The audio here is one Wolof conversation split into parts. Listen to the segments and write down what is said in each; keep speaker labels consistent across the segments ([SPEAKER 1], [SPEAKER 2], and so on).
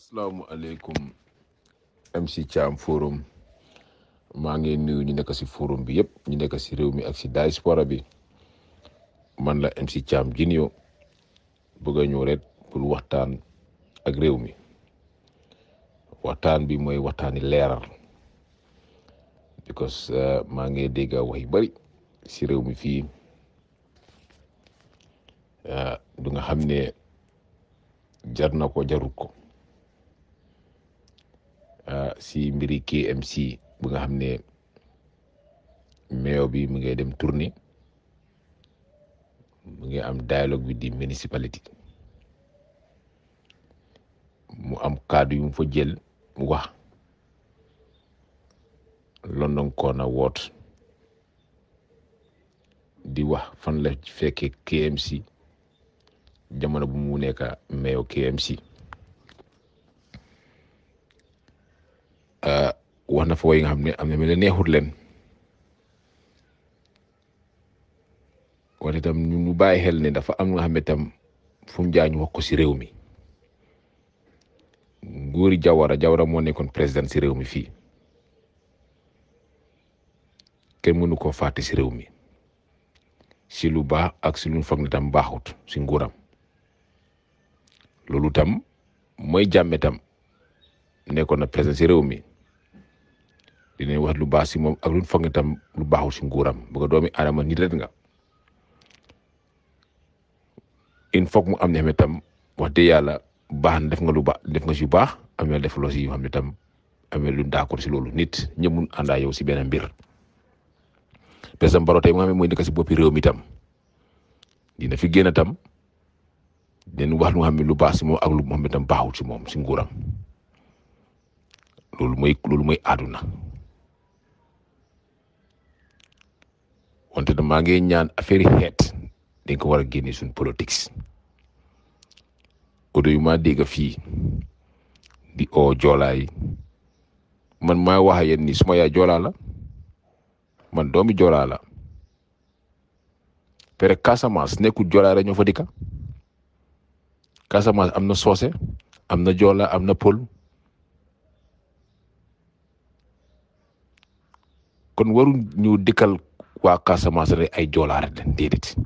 [SPEAKER 1] asalaamualeykum MC Thiam forum maa ngi nuyu ñu nekk si forum bi yëpp ñu nekk si réew mi ak si diaspora bi man la MC Thiam Junior bëgg a ñëw pour waxtaan ak réew mi waxtaan bi mooy waxtaani leeral because uh, maa ngi dégg wax bari si réew mi fii uh, du nga xam ne jar na ko jarut ko. si mbiri KMC bu nga xam ne meew bi mu ngi dem tournée mu ngi am dialogue bi di municipality mu am kàddu yu mu jël mu wax London Corner Ward di wax fan la fekkee KMC jamono bu mu nekk meew KMC. wax na fa way nga xam ne am na mel ne neexut leen wante tam ñu bàyyi xel ne dafa am nga xam ne tam fu mu jaañ wax ko si réew mi nguuri Jawara Jawara moo nekkoon président si réew mi fii kenn mënu koo fàtte si réew mi si lu baax ak si lu foog ne tam baaxut si nguuram loolu tam mooy jàmme tam nekkoon na président si réew mi dina wax lu baax si moom ak luñ foog tam lu baaxul si nguuram bëgg doomi adama nit rek nga in foog mu am metam tam wax de yalla baax def nga lu baax def nga ci baax def lo ci xamni tam amé lu d'accord ci lolu nit ñëpp anda yow ci benen bir président Barrow tay mo amé moy nek ci bopi rew mi tam dina fi génn tam den wax lu xamni lu baax si moom ak lu mom tam ne nah. ci mom ci nguuram lolu moy wante da maa ngi ñaan affaire xeet dañ ko yuma génné sun politics o odo yu dégg fi di o jolaay man ma wax yeen ni suma yaay jola la man doomi jola la pere Casamance nekkul jola rek ñoo fa Casamance amna sosé amna jola amna pol kon waru ñu dikal wa Casamance rek ay jolar leen dedet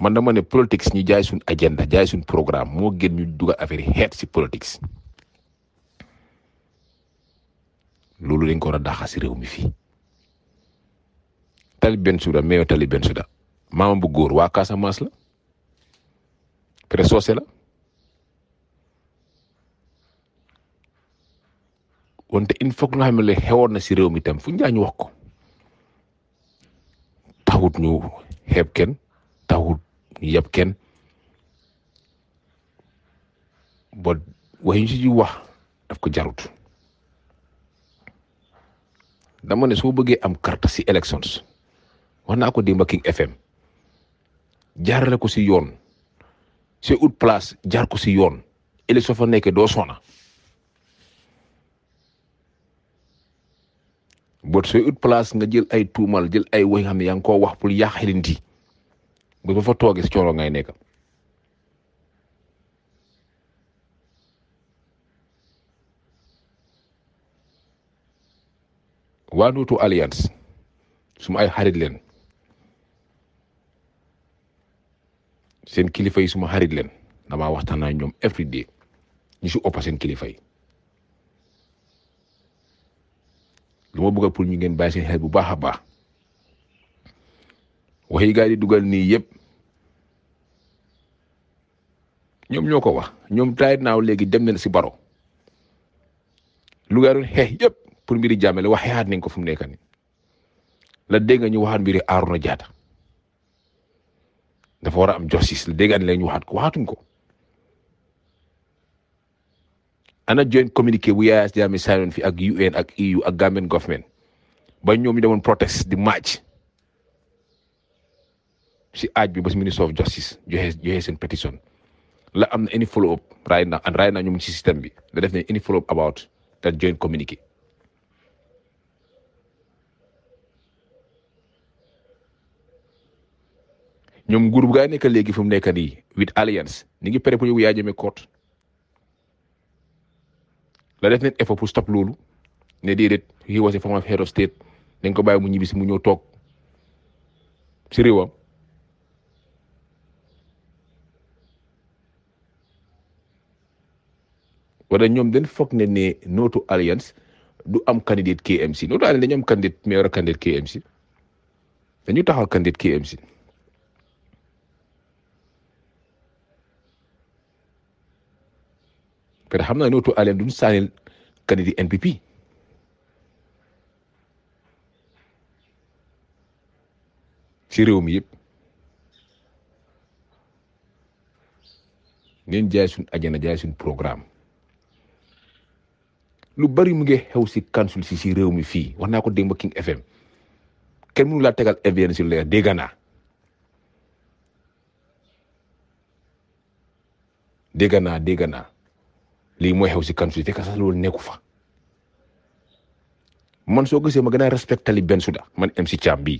[SPEAKER 1] man dama ne politics ñu jaay agenda jaay suñ programme mo gën ñu dugal affaire yi ci politics lolu dañ ko ra daxa ci rew mi fii Tali souda meew Tali souda mama bu góor waa Casamance la presso c'est wante il faut que nga xam xewoon na si réew mi tam fu ñu ñu wax ko taxut ñu xeeb kenn taxut ñu yab kenn ba waxuñ si wax daf ko jarut dama ne soo bëggee am kart si elections wax naa ko démb King FM jaarale ko si yoon. sooy ut place jaar ko si yoon élection fa nekkee doo sona boo sooy ut place nga jël ay tuumal jël ay wax xam ne yaa ngi koo wax pour yàq xelinti bu ba fa toogee si ngay nekk. waa Nooto alliance suma ay xarit leen seen kilifa yi suma xarit leen damaa waxtaan naa ñoom every day ñu si ëpp seen kilifa yi. lu ma bëgg pour ñu ngeen bàyyi seen xel bu baax a baax wax yi yi di dugal nii yëpp ñoom ñoo ko wax ñoom taayit naaw léegi dem nañ si baro lu gaa doon xeex yëpp pour mbiri jàmme la wax xeexaat nañ ko fu mu nekk nii la dégg nga ñu waxaat mbiri Arona Jaata dafa war a am justice la ñu waxaat ko waxaatuñ ko. ana joint communiqué bu Yaya Jammeh signoon fi ak UN ak EU ak Gambian government ba ñoom ñu demoon protest di march si aaj bi ba si ministre of justice joxe joxe seen pétition la am na any follow up right na and right now ñu ngi si système bi la def na any follow up about that joint communiqué ñoom nguur bu gaa nekk léegi fu mu nekk nii with alliance ni ngi pare pour ñu Yaya Jammeh court la def nañ effort stop loolu ne déedéet he was a former head of ko bàyyi mu ñibbisi si mu ñëw toog si réewam wala ñoom den foog ne ne no to alliance du am candidate KMC no to alliance dañu am candidate meilleur candidate KMC dañu taxaw candidate KMC kadi xam naa noto alen ɗum sanel kadi ɗi npp ci réew mi yëpp ngeen jaay suñ ajana jaay suñ programme lu bari mu ngi xew si kansul si si réew mi fii wax naa ko démb King FM kenn mënu laa tegal FVN si leer dégg naa dégg naa naa lii mooy xew si Kansu fekk sax loolu nekku fa man soo gisee ma gën a respecté li Bensouda man si Thiam bi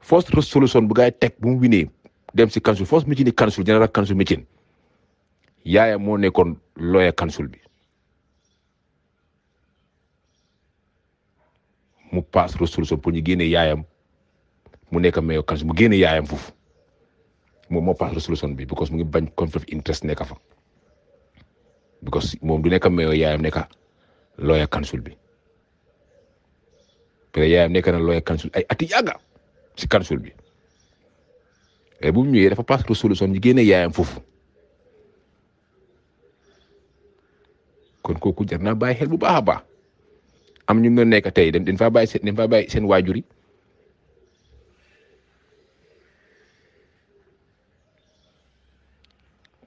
[SPEAKER 1] first solution bu gaay teg bu mu winee dem si Kansul first meeting ni Kansul general Kansul meeting yaaya moo nekkoon lawyer Kansul bi mu pass ñu génnee yaayam mu nekk mayor Kansul mu génnee yaayam foofu. moom moo paas resolution bi because mu ngi bañ conflict interest nekka fa because moom du nekka mayor yaayam nekka lawyer council bi parce yaayam nekk na lawyer council ay ati yàgga si council bi bu mu ñëwee dafa paas resolution ñu génne yaayam foofu kon kooku jar naa bàyyi xel bu baax am ñu nga nekk tey dañ faa bàyyi seen dañ faa bàyyi seen waajur yi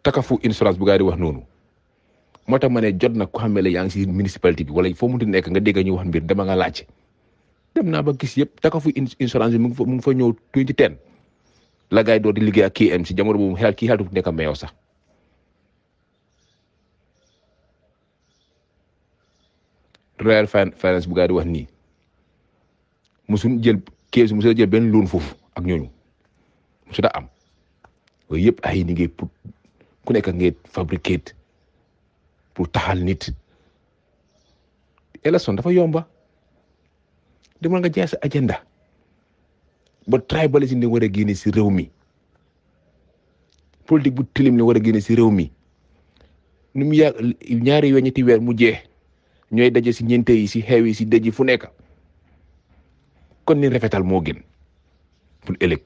[SPEAKER 1] takafu insurance bu gaa di wax noonu moo tax ma ne jot na ko xamele ne yaa ngi si municipalité bi wala foo munti nekk nga dégg ñuy wax mbir dama nga laajte dem naa ba kis yëpp takafu insurance bi mu ngi fa mu ngi fa ñëw tuuti teen la gaa yi doon di liggéey ak KM si jamono boobu xel kii xel nekk am meew sax. Royal Finance bu nii mosuñ jël kees mosuñ jël benn foofu ak ñooñu mosu daa am yooyu yëpp ay ku nekk ngay fabricate pour taxal nit élection dafa yomba demal nga jaay sa agenda ba tribalisme ne war a génne si réew mi politique bu tilim ne war a génne si réew mi nu mu yàgg ñaari yoo ñetti weer mu jeex ñooy daje si ñeente yi si xew yi si dëj yi fu nekk kon ni rafetal moo gën pour ëllëg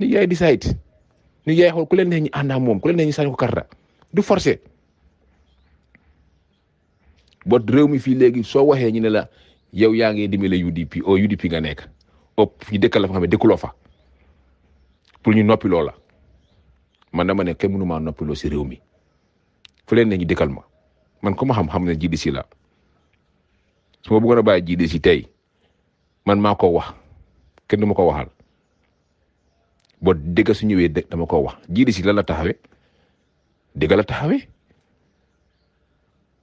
[SPEAKER 1] nit yaay decide nit yaay xool ku leen nee ñu ànd moom ku leen ne ñu sànni ko karta du forcé bot réew mi fii léegi soo waxee ñu ne la yow yaa ngi dimbale UDP au oh, UDP nga nekk ëpp ñu dëkkal la fa xam ne dëkkuloo fa pour ñu noppi loola man dama ne kenn mënu maa noppiloo si réew mi fu ñu dëkkal ma man ku ma xam-xam ne GDC la su ma bëggoon a bàyyi si tey man maa ko wax kenn du ma ko waxal. ba dëgg su ñëwee de dama koo wax jiidi si lan la taxawee dëgg la taxawee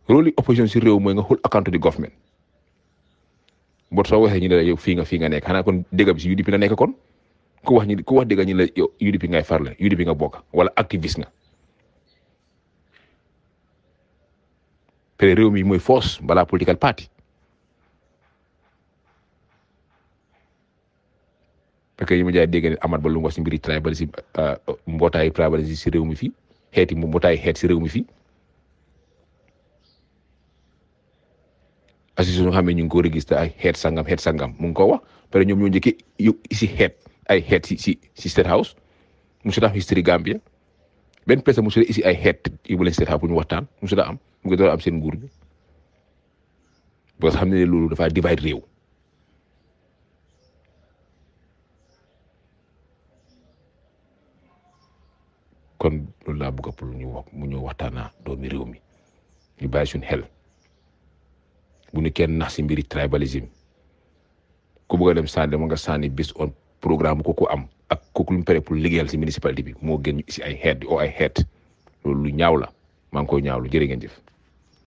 [SPEAKER 1] rôle opposition si réew mooy nga xool account di government bot soo waxee ñu ne la yow fii nga fii nga nekk xanaa kon dëgg bi si UDP la nekk kon ku wax ñu ku wax dëgg ñu la yow UDP ngay farle UDP nga bokk wala activiste nga. te réew mi mooy force balaa political party parce que yi ma jaay dégg ne Amath Ba lu mu wax si mbiri tribalisme euh, mbootaayu tribalisme si réew mi fii xeeti mbootaayu xeet si réew mi fii association nga xam ne ñu ngi ko registré ay xeet sangam xeet sangam mu ngi ko wax pare ñoom ñoo njëkkee yób si xeet ay xeet si si si State House musu daa am history Gambia benn personne musu isi ay xeet yu bële State House bu ñu waxtaan musu daa am mu ngi am seen nguur bi parce que xam ne loolu dafaa divide réew. kon loolu laa bëgg pour ñu wax mu ñëw waxtaanaa doomi réew mi ñu bàyyi suñ xel bu ñu kenn nax si mbiri tribalisme ku bëgg a dem sànni dama nga sànni bis on programme ko ko am ak kooku lu mu pare pour liggéeyal si municipalité bi moo gën si ay xeet di ay xeet loolu lu ñaaw la maa ngi ñaaw lu jërë ngeen jëf.